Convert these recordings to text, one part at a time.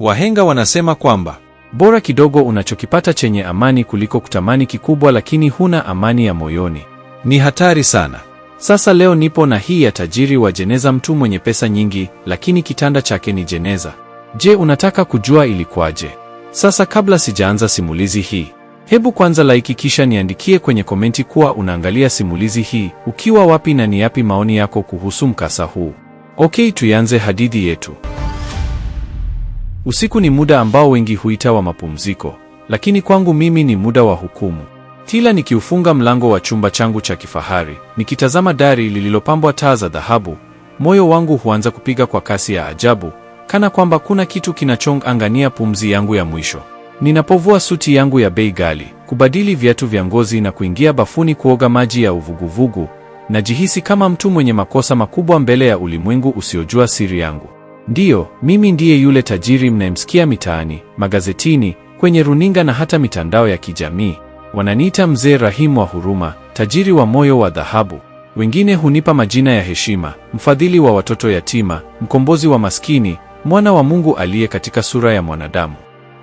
Wahenga wanasema kwamba bora kidogo unachokipata chenye amani kuliko kutamani kikubwa lakini huna amani ya moyoni. Ni hatari sana. Sasa leo nipo na hii ya tajiri wa jeneza, mtu mwenye pesa nyingi lakini kitanda chake ni jeneza. Je, unataka kujua ilikuwaje? Sasa kabla sijaanza simulizi hii, hebu kwanza like kisha niandikie kwenye komenti kuwa unaangalia simulizi hii ukiwa wapi na ni yapi maoni yako kuhusu mkasa huu. Okay, tuanze hadithi yetu. Usiku ni muda ambao wengi huita wa mapumziko, lakini kwangu mimi ni muda wa hukumu. Kila nikiufunga mlango wa chumba changu cha kifahari, nikitazama dari lililopambwa taa za dhahabu, moyo wangu huanza kupiga kwa kasi ya ajabu, kana kwamba kuna kitu kinachong'ang'ania pumzi yangu ya mwisho. Ninapovua suti yangu ya bei ghali, kubadili viatu vya ngozi na kuingia bafuni kuoga maji ya uvuguvugu, najihisi kama mtu mwenye makosa makubwa mbele ya ulimwengu usiojua siri yangu. Ndiyo, mimi ndiye yule tajiri mnayemsikia mitaani, magazetini, kwenye runinga na hata mitandao ya kijamii. Wananiita Mzee Rahimu wa huruma, tajiri wa moyo wa dhahabu. Wengine hunipa majina ya heshima, mfadhili wa watoto yatima, mkombozi wa maskini, mwana wa Mungu aliye katika sura ya mwanadamu.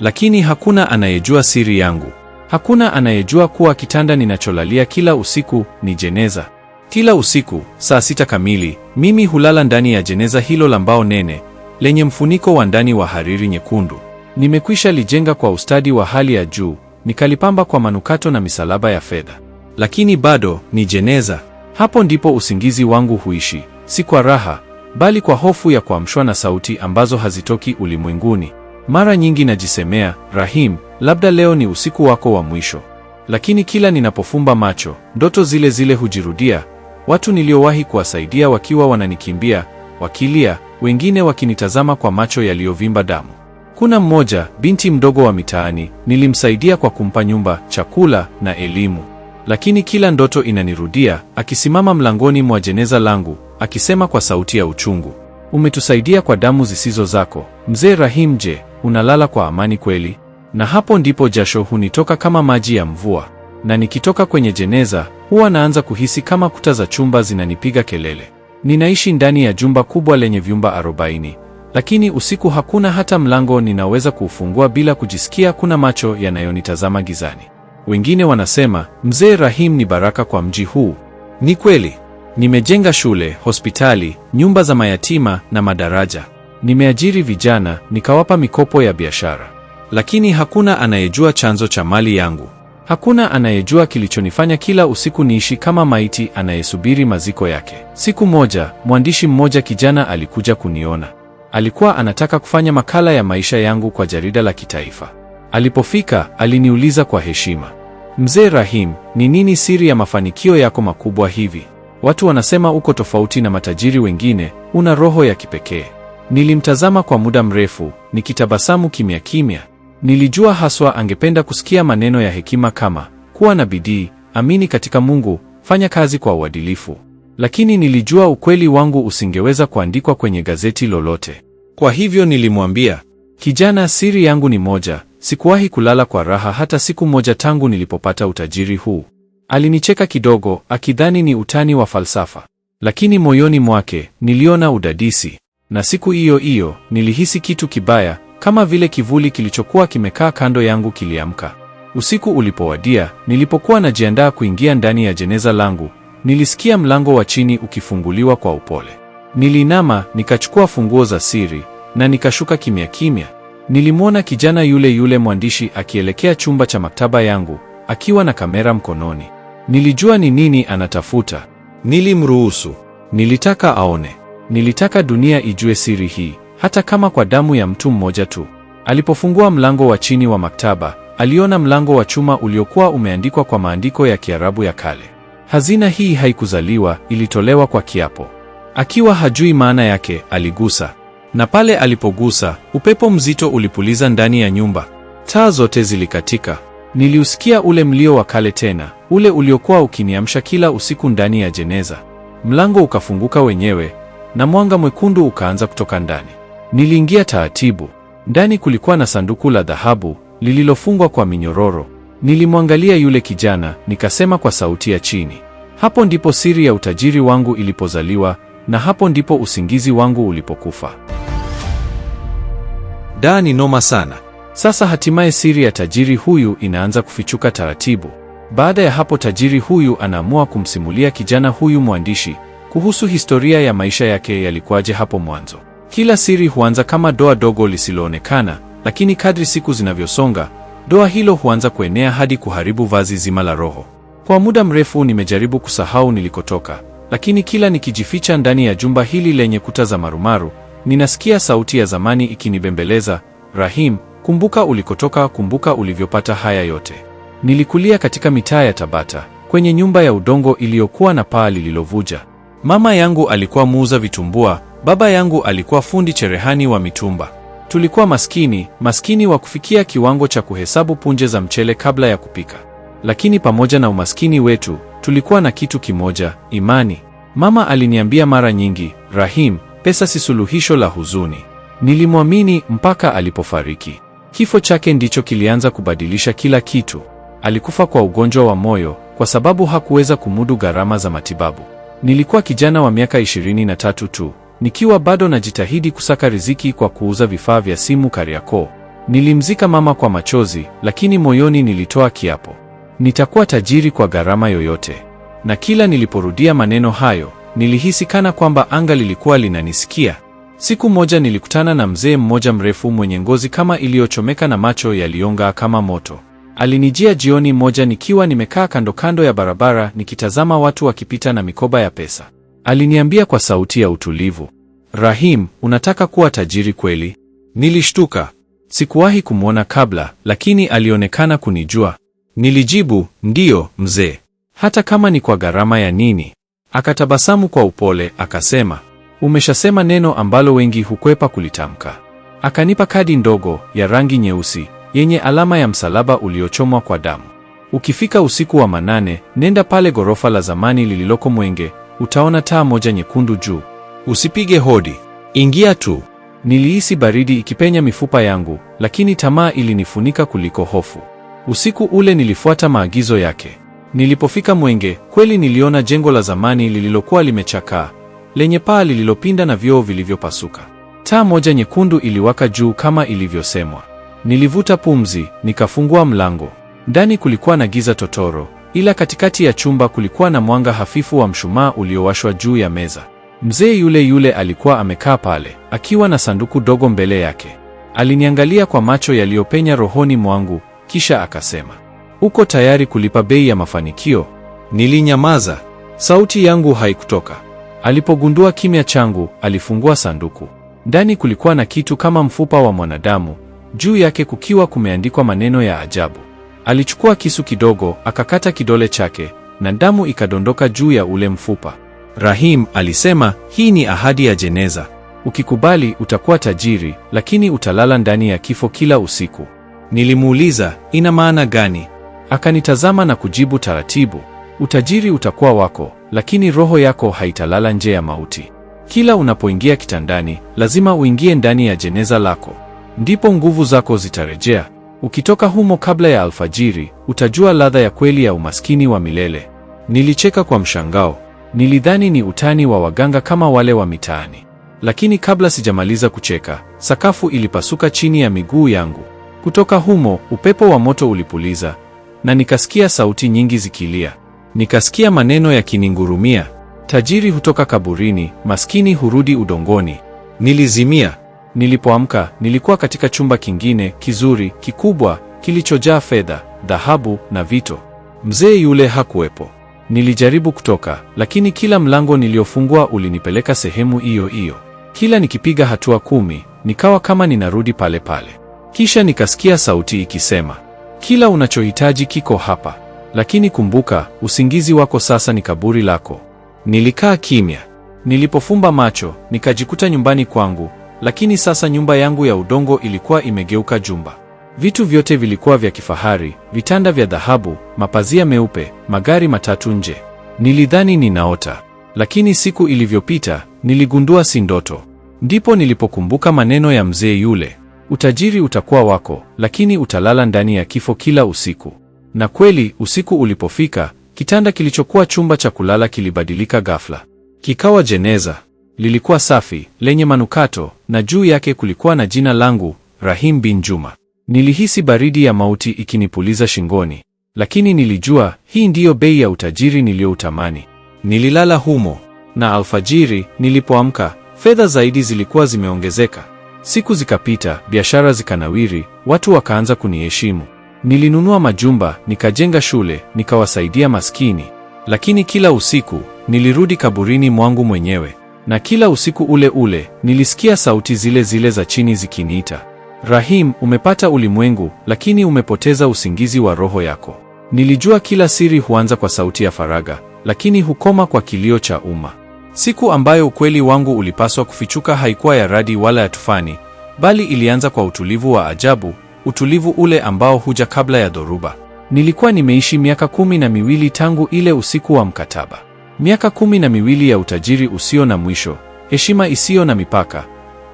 Lakini hakuna anayejua siri yangu. Hakuna anayejua kuwa kitanda ninacholalia kila usiku ni jeneza. Kila usiku saa sita kamili, mimi hulala ndani ya jeneza hilo la mbao nene lenye mfuniko wa ndani wa hariri nyekundu. Nimekwisha lijenga kwa ustadi wa hali ya juu, nikalipamba kwa manukato na misalaba ya fedha, lakini bado ni jeneza. Hapo ndipo usingizi wangu huishi, si kwa raha, bali kwa hofu ya kuamshwa na sauti ambazo hazitoki ulimwenguni. Mara nyingi najisemea, Rahim, labda leo ni usiku wako wa mwisho. Lakini kila ninapofumba macho, ndoto zile zile hujirudia, watu niliowahi kuwasaidia wakiwa wananikimbia, wakilia, wengine wakinitazama kwa macho yaliyovimba damu. Kuna mmoja, binti mdogo wa mitaani, nilimsaidia kwa kumpa nyumba, chakula na elimu, lakini kila ndoto inanirudia akisimama mlangoni mwa jeneza langu akisema kwa sauti ya uchungu, umetusaidia kwa damu zisizo zako, mzee Rahim. Je, unalala kwa amani kweli? Na hapo ndipo jasho hunitoka kama maji ya mvua, na nikitoka kwenye jeneza huwa naanza kuhisi kama kuta za chumba zinanipiga kelele. Ninaishi ndani ya jumba kubwa lenye vyumba 40, lakini usiku hakuna hata mlango ninaweza kuufungua bila kujisikia kuna macho yanayonitazama gizani. Wengine wanasema Mzee Rahim ni baraka kwa mji huu. Ni kweli. Nimejenga shule, hospitali, nyumba za mayatima na madaraja. Nimeajiri vijana, nikawapa mikopo ya biashara, lakini hakuna anayejua chanzo cha mali yangu. Hakuna anayejua kilichonifanya kila usiku niishi kama maiti anayesubiri maziko yake. Siku moja, mwandishi mmoja kijana alikuja kuniona. Alikuwa anataka kufanya makala ya maisha yangu kwa jarida la kitaifa. Alipofika, aliniuliza kwa heshima, Mzee Rahim, ni nini siri ya mafanikio yako makubwa hivi? Watu wanasema uko tofauti na matajiri wengine, una roho ya kipekee. Nilimtazama kwa muda mrefu, nikitabasamu kimya kimya. Nilijua haswa angependa kusikia maneno ya hekima kama kuwa na bidii, amini katika Mungu, fanya kazi kwa uadilifu. Lakini nilijua ukweli wangu usingeweza kuandikwa kwenye gazeti lolote. Kwa hivyo nilimwambia, kijana, siri yangu ni moja, sikuwahi kulala kwa raha hata siku moja tangu nilipopata utajiri huu. Alinicheka kidogo, akidhani ni utani wa falsafa, lakini moyoni mwake niliona udadisi. Na siku hiyo hiyo nilihisi kitu kibaya kama vile kivuli kilichokuwa kimekaa kando yangu kiliamka. Usiku ulipowadia, nilipokuwa najiandaa kuingia ndani ya jeneza langu, nilisikia mlango wa chini ukifunguliwa kwa upole. Nilinama, nikachukua funguo za siri na nikashuka kimya kimya. Nilimwona kijana yule yule mwandishi akielekea chumba cha maktaba yangu akiwa na kamera mkononi. Nilijua ni nini anatafuta. Nilimruhusu, nilitaka aone, nilitaka dunia ijue siri hii hata kama kwa damu ya mtu mmoja tu. Alipofungua mlango wa chini wa maktaba, aliona mlango wa chuma uliokuwa umeandikwa kwa maandiko ya Kiarabu ya kale. Hazina hii haikuzaliwa, ilitolewa kwa kiapo. Akiwa hajui maana yake, aligusa, na pale alipogusa, upepo mzito ulipuliza ndani ya nyumba. Taa zote zilikatika. Niliusikia ule mlio wa kale tena, ule uliokuwa ukiniamsha kila usiku ndani ya jeneza. Mlango ukafunguka wenyewe na mwanga mwekundu ukaanza kutoka ndani. Niliingia taratibu. Ndani kulikuwa na sanduku la dhahabu lililofungwa kwa minyororo. Nilimwangalia yule kijana, nikasema kwa sauti ya chini, hapo ndipo siri ya utajiri wangu ilipozaliwa, na hapo ndipo usingizi wangu ulipokufa. Dani noma sana. Sasa hatimaye siri ya tajiri huyu inaanza kufichuka taratibu. Baada ya hapo, tajiri huyu anaamua kumsimulia kijana huyu mwandishi kuhusu historia ya maisha yake yalikuwaje hapo mwanzo. Kila siri huanza kama doa dogo lisiloonekana, lakini kadri siku zinavyosonga, doa hilo huanza kuenea hadi kuharibu vazi zima la roho. Kwa muda mrefu nimejaribu kusahau nilikotoka, lakini kila nikijificha ndani ya jumba hili lenye kuta za marumaru, ninasikia sauti ya zamani ikinibembeleza, Rahim, kumbuka ulikotoka, kumbuka ulivyopata haya yote. Nilikulia katika mitaa ya Tabata, kwenye nyumba ya udongo iliyokuwa na paa lililovuja. Mama yangu alikuwa muuza vitumbua Baba yangu alikuwa fundi cherehani wa mitumba. Tulikuwa maskini, maskini wa kufikia kiwango cha kuhesabu punje za mchele kabla ya kupika. Lakini pamoja na umaskini wetu, tulikuwa na kitu kimoja, imani. Mama aliniambia mara nyingi, Rahim, pesa si suluhisho la huzuni. Nilimwamini mpaka alipofariki. Kifo chake ndicho kilianza kubadilisha kila kitu. Alikufa kwa ugonjwa wa moyo kwa sababu hakuweza kumudu gharama za matibabu. Nilikuwa kijana wa miaka 23 tu. Nikiwa bado najitahidi kusaka riziki kwa kuuza vifaa vya simu Kariakoo, nilimzika mama kwa machozi, lakini moyoni nilitoa kiapo, nitakuwa tajiri kwa gharama yoyote. Na kila niliporudia maneno hayo, nilihisi kana kwamba anga lilikuwa linanisikia. Siku moja nilikutana na mzee mmoja mrefu mwenye ngozi kama iliyochomeka na macho yaliyong'aa kama moto. Alinijia jioni moja nikiwa nimekaa kando kando ya barabara nikitazama watu wakipita na mikoba ya pesa. Aliniambia kwa sauti ya utulivu, Rahim, unataka kuwa tajiri kweli? Nilishtuka, sikuwahi kumwona kabla, lakini alionekana kunijua. Nilijibu, ndiyo mzee, hata kama ni kwa gharama ya nini. Akatabasamu kwa upole akasema, umeshasema neno ambalo wengi hukwepa kulitamka. Akanipa kadi ndogo ya rangi nyeusi yenye alama ya msalaba uliochomwa kwa damu. Ukifika usiku wa manane, nenda pale ghorofa la zamani lililoko Mwenge utaona taa moja nyekundu juu. Usipige hodi, ingia tu. Nilihisi baridi ikipenya mifupa yangu, lakini tamaa ilinifunika kuliko hofu. Usiku ule nilifuata maagizo yake. Nilipofika Mwenge, kweli niliona jengo la zamani lililokuwa limechakaa, lenye paa lililopinda na vioo vilivyopasuka. Taa moja nyekundu iliwaka juu kama ilivyosemwa. Nilivuta pumzi, nikafungua mlango. Ndani kulikuwa na giza totoro, ila katikati ya chumba kulikuwa na mwanga hafifu wa mshumaa uliowashwa juu ya meza. Mzee yule yule alikuwa amekaa pale akiwa na sanduku dogo mbele yake. Aliniangalia kwa macho yaliyopenya rohoni mwangu, kisha akasema, uko tayari kulipa bei ya mafanikio? Nilinyamaza, sauti yangu haikutoka. Alipogundua kimya changu, alifungua sanduku. Ndani kulikuwa na kitu kama mfupa wa mwanadamu, juu yake kukiwa kumeandikwa maneno ya ajabu. Alichukua kisu kidogo, akakata kidole chake na damu ikadondoka juu ya ule mfupa. Rahim alisema, hii ni ahadi ya jeneza. Ukikubali utakuwa tajiri, lakini utalala ndani ya kifo kila usiku. Nilimuuliza, ina maana gani? Akanitazama na kujibu taratibu, utajiri utakuwa wako, lakini roho yako haitalala nje ya mauti. Kila unapoingia kitandani, lazima uingie ndani ya jeneza lako, ndipo nguvu zako zitarejea. Ukitoka humo kabla ya alfajiri, utajua ladha ya kweli ya umaskini wa milele. Nilicheka kwa mshangao. Nilidhani ni utani wa waganga kama wale wa mitaani. Lakini kabla sijamaliza kucheka, sakafu ilipasuka chini ya miguu yangu. Kutoka humo upepo wa moto ulipuliza na nikasikia sauti nyingi zikilia. Nikasikia maneno yakiningurumia: tajiri hutoka kaburini, maskini hurudi udongoni. Nilizimia. Nilipoamka nilikuwa katika chumba kingine kizuri kikubwa kilichojaa fedha, dhahabu na vito. Mzee yule hakuwepo. Nilijaribu kutoka, lakini kila mlango niliofungua ulinipeleka sehemu hiyo hiyo. Kila nikipiga hatua kumi, nikawa kama ninarudi pale pale. Kisha nikasikia sauti ikisema, kila unachohitaji kiko hapa, lakini kumbuka, usingizi wako sasa ni kaburi lako. Nilikaa kimya. Nilipofumba macho, nikajikuta nyumbani kwangu lakini sasa nyumba yangu ya udongo ilikuwa imegeuka jumba. Vitu vyote vilikuwa vya kifahari, vitanda vya dhahabu, mapazia meupe, magari matatu nje. Nilidhani ninaota, lakini siku ilivyopita niligundua si ndoto. Ndipo nilipokumbuka maneno ya mzee yule, utajiri utakuwa wako, lakini utalala ndani ya kifo kila usiku. Na kweli usiku ulipofika, kitanda kilichokuwa chumba cha kulala kilibadilika ghafla, kikawa jeneza. Lilikuwa safi, lenye manukato na juu yake kulikuwa na jina langu, Rahim bin Juma. Nilihisi baridi ya mauti ikinipuliza shingoni, lakini nilijua hii ndiyo bei ya utajiri niliyoutamani. Nililala humo na alfajiri nilipoamka, fedha zaidi zilikuwa zimeongezeka. Siku zikapita, biashara zikanawiri, watu wakaanza kuniheshimu. Nilinunua majumba, nikajenga shule, nikawasaidia maskini. Lakini kila usiku nilirudi kaburini mwangu mwenyewe. Na kila usiku ule ule nilisikia sauti zile zile za chini zikiniita, Rahim, umepata ulimwengu, lakini umepoteza usingizi wa roho yako. Nilijua kila siri huanza kwa sauti ya faraga lakini hukoma kwa kilio cha umma. Siku ambayo ukweli wangu ulipaswa kufichuka haikuwa ya radi wala ya tufani, bali ilianza kwa utulivu wa ajabu, utulivu ule ambao huja kabla ya dhoruba. Nilikuwa nimeishi miaka kumi na miwili tangu ile usiku wa mkataba. Miaka kumi na miwili ya utajiri usio na mwisho, heshima isiyo na mipaka,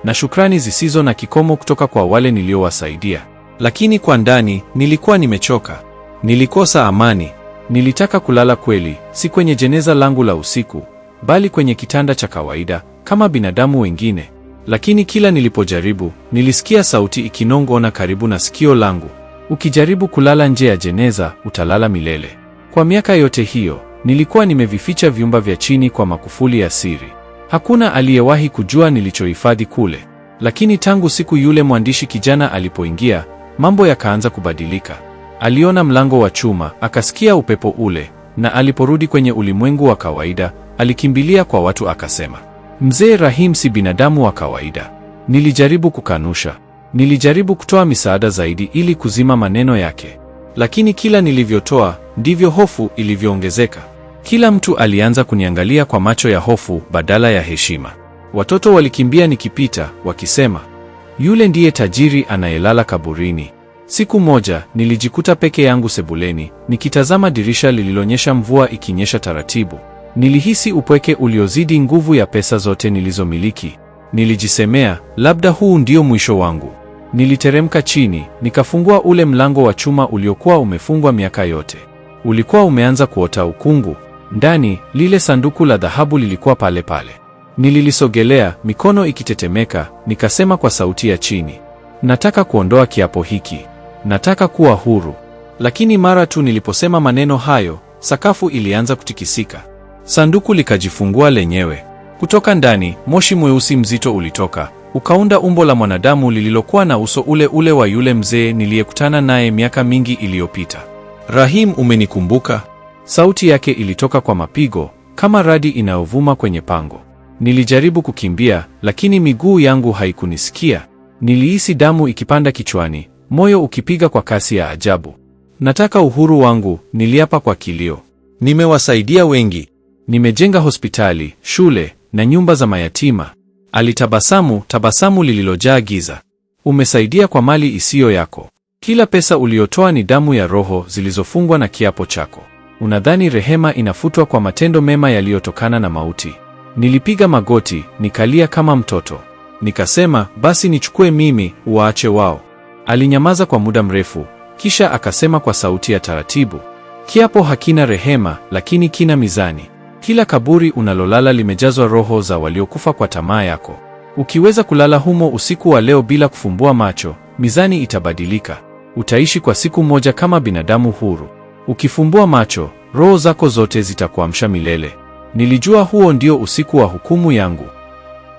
na shukrani zisizo na kikomo kutoka kwa wale niliowasaidia. Lakini kwa ndani nilikuwa nimechoka, nilikosa amani, nilitaka kulala kweli, si kwenye jeneza langu la usiku, bali kwenye kitanda cha kawaida kama binadamu wengine. Lakini kila nilipojaribu, nilisikia sauti ikinong'ona karibu na sikio langu, ukijaribu kulala nje ya jeneza utalala milele. Kwa miaka yote hiyo Nilikuwa nimevificha vyumba vya chini kwa makufuli ya siri. Hakuna aliyewahi kujua nilichohifadhi kule. Lakini tangu siku yule mwandishi kijana alipoingia, mambo yakaanza kubadilika. Aliona mlango wa chuma, akasikia upepo ule, na aliporudi kwenye ulimwengu wa kawaida, alikimbilia kwa watu akasema, Mzee Rahim si binadamu wa kawaida. Nilijaribu kukanusha. Nilijaribu kutoa misaada zaidi ili kuzima maneno yake. Lakini kila nilivyotoa, ndivyo hofu ilivyoongezeka. Kila mtu alianza kuniangalia kwa macho ya hofu badala ya heshima. Watoto walikimbia nikipita, wakisema yule ndiye tajiri anayelala kaburini. Siku moja nilijikuta peke yangu sebuleni nikitazama dirisha lililonyesha mvua ikinyesha taratibu. Nilihisi upweke uliozidi nguvu ya pesa zote nilizomiliki. Nilijisemea, labda huu ndio mwisho wangu. Niliteremka chini, nikafungua ule mlango wa chuma uliokuwa umefungwa miaka yote. Ulikuwa umeanza kuota ukungu. Ndani lile sanduku la dhahabu lilikuwa pale pale. Nililisogelea, mikono ikitetemeka, nikasema kwa sauti ya chini, nataka kuondoa kiapo hiki, nataka kuwa huru. Lakini mara tu niliposema maneno hayo, sakafu ilianza kutikisika, sanduku likajifungua lenyewe. Kutoka ndani moshi mweusi mzito ulitoka ukaunda umbo la mwanadamu lililokuwa na uso ule ule wa yule mzee niliyekutana naye miaka mingi iliyopita. Rahim, umenikumbuka? Sauti yake ilitoka kwa mapigo kama radi inayovuma kwenye pango. Nilijaribu kukimbia, lakini miguu yangu haikunisikia. Nilihisi damu ikipanda kichwani, moyo ukipiga kwa kasi ya ajabu. Nataka uhuru wangu, niliapa kwa kilio. Nimewasaidia wengi, nimejenga hospitali, shule na nyumba za mayatima. Alitabasamu, tabasamu lililojaa giza. Umesaidia kwa mali isiyo yako. Kila pesa uliotoa ni damu ya roho zilizofungwa na kiapo chako. Unadhani rehema inafutwa kwa matendo mema yaliyotokana na mauti? Nilipiga magoti, nikalia kama mtoto, nikasema, basi nichukue mimi, waache wao. Alinyamaza kwa muda mrefu, kisha akasema kwa sauti ya taratibu, kiapo hakina rehema, lakini kina mizani. Kila kaburi unalolala limejazwa roho za waliokufa kwa tamaa yako. Ukiweza kulala humo usiku wa leo bila kufumbua macho, mizani itabadilika. Utaishi kwa siku moja kama binadamu huru. Ukifumbua macho, roho zako zote zitakuamsha milele. Nilijua huo ndio usiku wa hukumu yangu.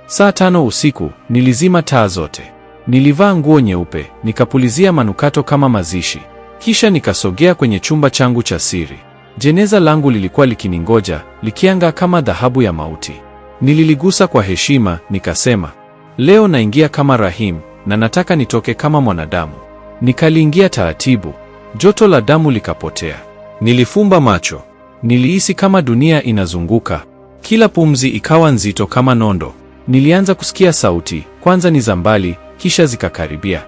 Saa tano usiku nilizima taa zote, nilivaa nguo nyeupe, nikapulizia manukato kama mazishi, kisha nikasogea kwenye chumba changu cha siri. Jeneza langu lilikuwa likiningoja likianga kama dhahabu ya mauti. Nililigusa kwa heshima, nikasema, leo naingia kama Rahim na nataka nitoke kama mwanadamu. Nikaliingia taratibu, Joto la damu likapotea. Nilifumba macho, nilihisi kama dunia inazunguka, kila pumzi ikawa nzito kama nondo. Nilianza kusikia sauti, kwanza ni za mbali, kisha zikakaribia.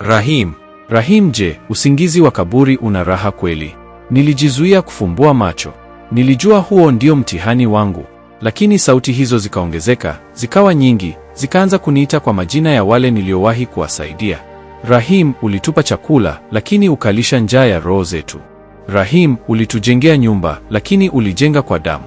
Rahim, Rahim, je, usingizi wa kaburi una raha kweli? Nilijizuia kufumbua macho, nilijua huo ndio mtihani wangu. Lakini sauti hizo zikaongezeka, zikawa nyingi, zikaanza kuniita kwa majina ya wale niliowahi kuwasaidia. Rahim, ulitupa chakula lakini ukalisha njaa ya roho zetu. Rahim, ulitujengea nyumba lakini ulijenga kwa damu.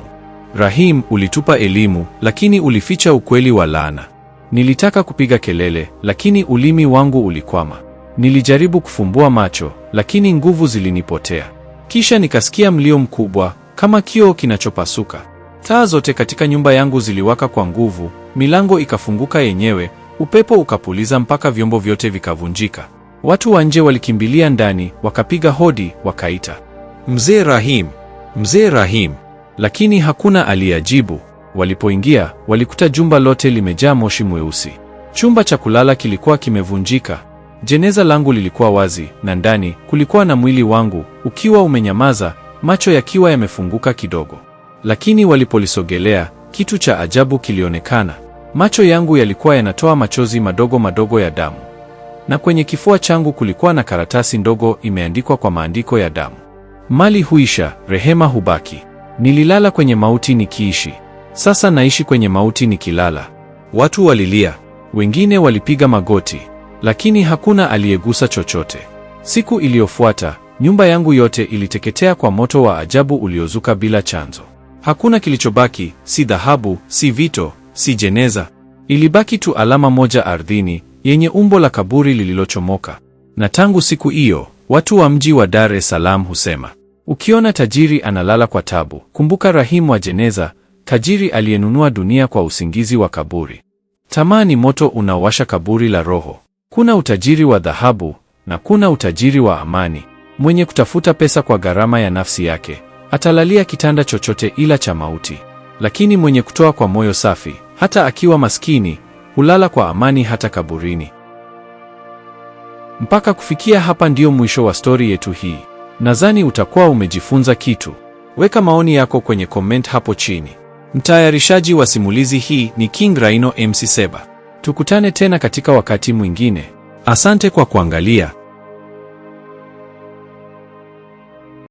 Rahim, ulitupa elimu lakini ulificha ukweli wa laana. Nilitaka kupiga kelele lakini ulimi wangu ulikwama. Nilijaribu kufumbua macho lakini nguvu zilinipotea. Kisha nikasikia mlio mkubwa kama kioo kinachopasuka. Taa zote katika nyumba yangu ziliwaka kwa nguvu, milango ikafunguka yenyewe Upepo ukapuliza mpaka vyombo vyote vikavunjika. Watu wa nje walikimbilia ndani, wakapiga hodi, wakaita Mzee Rahim, Mzee Rahim, lakini hakuna aliyeajibu Walipoingia walikuta jumba lote limejaa moshi mweusi. Chumba cha kulala kilikuwa kimevunjika. Jeneza langu lilikuwa wazi, na ndani kulikuwa na mwili wangu ukiwa umenyamaza, macho yakiwa yamefunguka kidogo. Lakini walipolisogelea kitu cha ajabu kilionekana. Macho yangu yalikuwa yanatoa machozi madogo madogo ya damu, na kwenye kifua changu kulikuwa na karatasi ndogo imeandikwa kwa maandiko ya damu: mali huisha, rehema hubaki. Nililala kwenye mauti nikiishi, sasa naishi kwenye mauti nikilala. Watu walilia, wengine walipiga magoti, lakini hakuna aliyegusa chochote. Siku iliyofuata nyumba yangu yote iliteketea kwa moto wa ajabu uliozuka bila chanzo. Hakuna kilichobaki, si dhahabu, si vito, si jeneza. Ilibaki tu alama moja ardhini yenye umbo la kaburi lililochomoka. Na tangu siku hiyo watu wa mji wa Dar es Salaam husema, ukiona tajiri analala kwa tabu, kumbuka Rahimu wa jeneza, tajiri aliyenunua dunia kwa usingizi wa kaburi. Tamaa ni moto unaowasha kaburi la roho. Kuna utajiri wa dhahabu na kuna utajiri wa amani. Mwenye kutafuta pesa kwa gharama ya nafsi yake atalalia kitanda chochote ila cha mauti lakini mwenye kutoa kwa moyo safi, hata akiwa maskini, hulala kwa amani hata kaburini. Mpaka kufikia hapa ndio mwisho wa stori yetu hii. Nadhani utakuwa umejifunza kitu. Weka maoni yako kwenye comment hapo chini. Mtayarishaji wa simulizi hii ni King Rhino MC Seba. Tukutane tena katika wakati mwingine. Asante kwa kuangalia.